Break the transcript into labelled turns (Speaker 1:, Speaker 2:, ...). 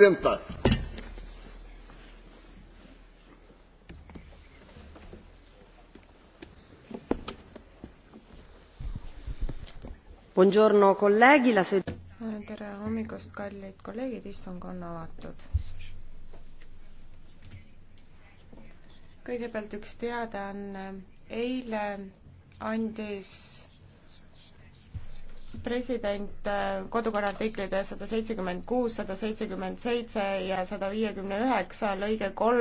Speaker 1: presidenta.
Speaker 2: Buongiorno colleghi, la seduta.
Speaker 3: Tere hommikust, kallid kolleegid, istung on avatud. kõigepealt üks teadaanne. eile andis
Speaker 4: president, äh, kodukorra artiklid sada seitsekümmend kuus, sada seitsekümmend seitse ja sada viiekümne üheksa lõige kolm